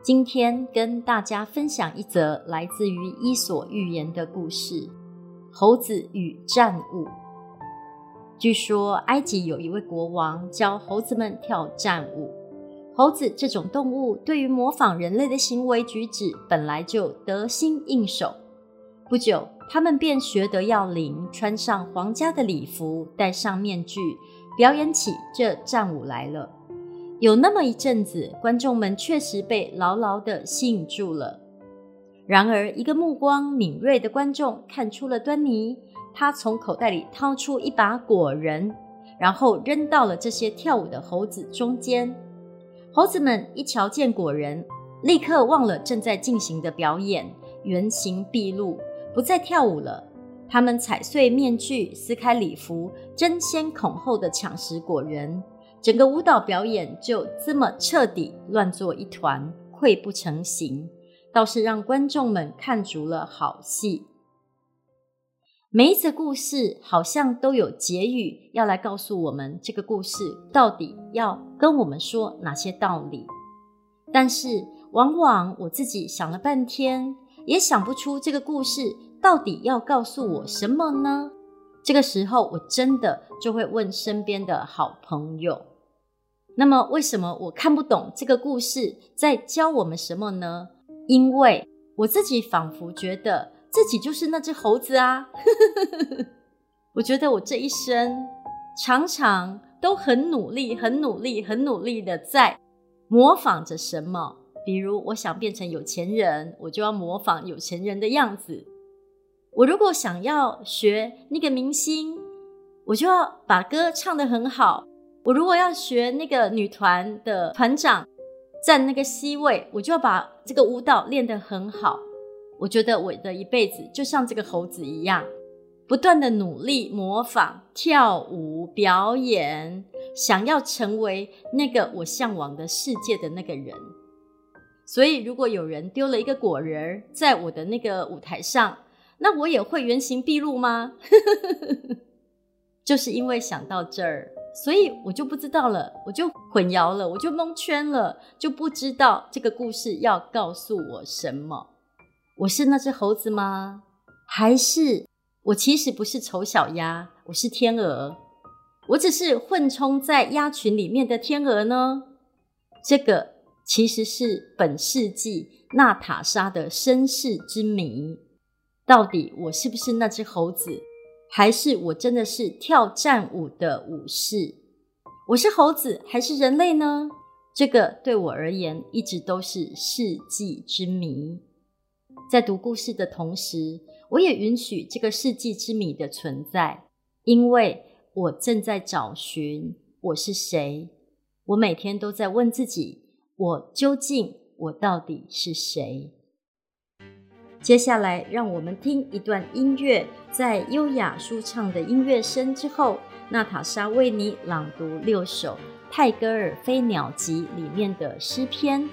今天跟大家分享一則來自於《伊索寓言》的故事：猴子與戰舞。據說埃及有一位國王教猴子們跳戰舞。猴子這種動物對於模仿人類的行為舉止本來就得心應手，不久他們便學得要領，穿上皇家的禮服，戴上面具，表演起這戰舞來了。有那麼一陣子，觀眾們確實被牢牢地吸引住了。然而，一個目光敏銳的觀眾看出了端倪，他從口袋裡掏出一把果仁，然後扔到了這些跳舞的猴子中間。猴子們一瞧見果仁，立刻忘了正在進行的表演，原形畢露，不再跳舞了。他們踩碎面具，撕開禮服，爭先恐後地搶食果仁。整個舞蹈表演就這麼徹底亂作一團，潰不成形，倒是讓觀眾們看足了好戲。每一則故事好像都有結語要來告訴我們，這個故事到底要跟我們說哪些道理。但是，往往我自己想了半天，也想不出這個故事到底要告訴我什麼呢？這個時候，我真的就會問身邊的好朋友。那麼，為什麼我看不懂這個故事在教我們什麼呢？因為我自己仿佛覺得自己就是那只猴子啊！ 我覺得我這一生常常都很努力、很努力、很努力的在模仿着什麼。比如，我想變成有錢人，我就要模仿有錢人的樣子；我如果想要學那個明星，我就要把歌唱得很好。我如果要學那個女團的團長站那個 C 位，我就要把這個舞蹈練得很好。我覺得我的一輩子就像這個猴子一樣，不斷的努力模仿跳舞表演，想要成為那個我嚮往的世界的那個人。所以，如果有人丟了一個果仁在我的那個舞台上，那我也會原形畢露嗎？ 就是因為想到這兒。所以我就不知道了，我就混淆了，我就蒙圈了，就不知道這個故事要告訴我什麼。我是那隻猴子嗎？還是我其實不是醜小鴨，我是天鵝？我只是混充在鴨群裡面的天鵝呢？這個其實是本世紀娜塔莎的身世之謎。到底我是不是那只猴子？還是我真的是跳戰舞的武士？我是猴子還是人類呢？這個對我而言一直都是世紀之謎。在讀故事的同時，我也允許這個世紀之謎的存在，因為我正在找尋我是誰。我每天都在問自己，我究竟我到底是誰？接下來，讓我們聽一段音樂。在優雅舒暢的音樂聲之後，娜塔莎為你朗讀六首泰戈爾《飛鳥集》裡面的詩篇。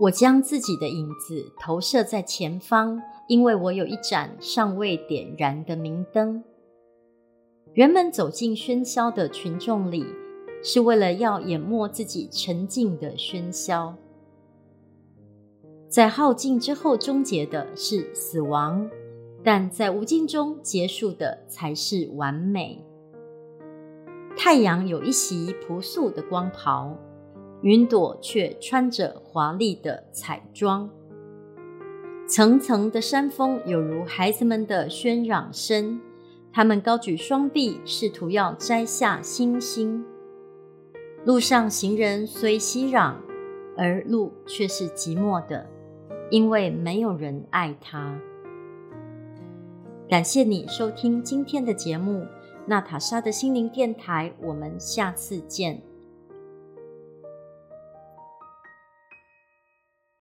我將自己的影子投射在前方，因為我有一盞尚未點燃的明燈。人們走進喧囂的群眾裡，是為了要淹沒自己沉靜的喧囂。在耗盡之後終結的是死亡，但在無盡中結束的才是完美。太陽有一襲樸素的光袍。雲朵卻穿着華麗的彩妝，層層的山峰有如孩子們的喧嚷聲，他們高舉雙臂，試圖要摘下星星。路上行人雖熙攘，而路卻是寂寞的，因為沒有人愛他。感謝你收聽今天的節目，《娜塔莎的心靈電台》，我們下次見。